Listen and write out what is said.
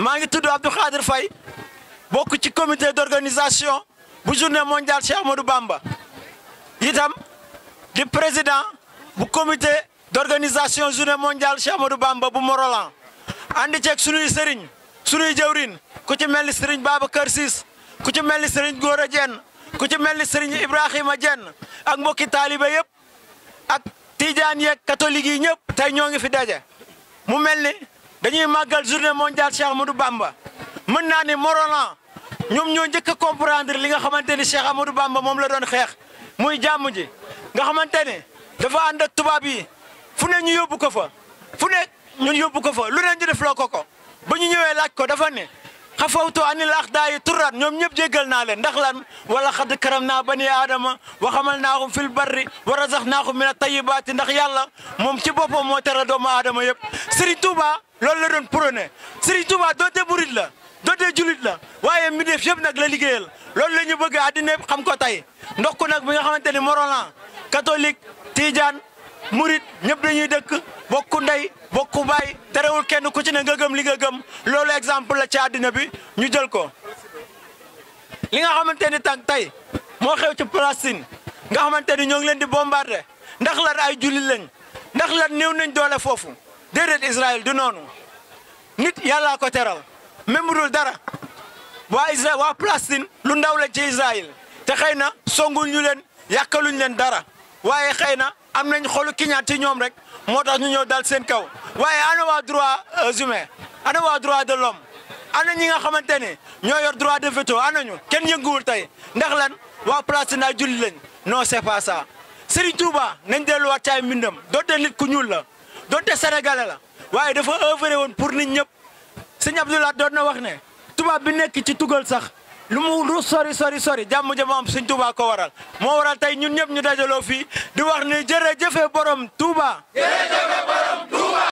maa ngi tudd Abdou Khadir Faye bokk ci comité d'organisation bu journée mondial Cheikh Amadou Bamba itam di président bu comité d'organisation journée mondiale Cheikh Amadou Bamba bu Morolan ànd ceeg sunuy sëriñ sunuy jëwriñ ku ci mel ni sëriñ Babacar Ciss ku ci mel ni sëriñ Gora Diène ku ci mel ni sëriñ Ibrahima Diène ak mbokki taalibe yëpp ak tijaan yeeg catholique yi ñëpp tey ñoo ngi fi daje mu mel ni dañuy màggal journée mondiale Cheikh Amadou Bamba mën naa ni Morolan ñoom ñoo njëkk a comprendre li nga xamante ni Cheikh Amadou Bamba moom la doon xeex muy jàmm ji nga xamante ne dafa ànd ak tubaab yi fu ne ñu yóbbu ko fa fu ne ñun yóbbu ko fa lu ne ñu def loo ko ko ba ñu ñëwee laaj ko dafa ne xafawtu anil axdaayi turan ñoom ñëpp jéggal naa leen ndax lan wala xad karam naa bani aadama wa xamal naahum fil barri wa razaqnaahum min at-tayyibaati ndax yàlla moom ci boppam moo tere doomu aadama yëpp Serigne Touba loolu la doon prôné Serigne Touba doonte burit la doonte julit la waaye mi def yëpp nag la liggéeyal loolu la ñu bëgg àddina xam ko tey ndox ku nag bi nga xamante ni morolan catholique tijaan murit ñëpp dañuy dëkk bokku ndey bokku baay terewul kenn ku ci ne gëm li nga gëm loolu exemple la ci àddina bi ñu jël ko. li nga xamante ni tànk tey moo xew ci Palestine nga xamante ni ñoo ngi leen di bombardé ndax lan ay jullit lañ ndax lan néew nañ doole foofu déedéet Israël du noonu nit yàllaa ko teral même bu dara waa Israël waa Palestine lu ndaw la ci Israël te xëy na songul ñu leen yàqaluñ leen dara waaye xëy na. am nañ xolu kiñaat ci ñoom rek moo tax ñu ñëw dal seen kaw waaye ana waa droit euh, humain ana waa droit de l'homme ana ñi nga xamante ne ñoo yor droit de veto ana ñu kenn yënguwul tey ndax lan waa Palestine julli lañ non c'est pas ça Serigne Touba nañ delluwaat caay mbindam donte nit ku ñuul la donte sénégalais la waaye dafa œuvré woon pour nit ñëpp sëñ Abdoulaye doon na wax ne tubaab bi nekk ci tugal sax lu mu ru sori sori sori jàmm ja mu am suñ Touba ko waral moo waral tey ñun ñëpp ñu dajaloo fii di wax ni jërëjëfe borom Touba. jërëjëfe borom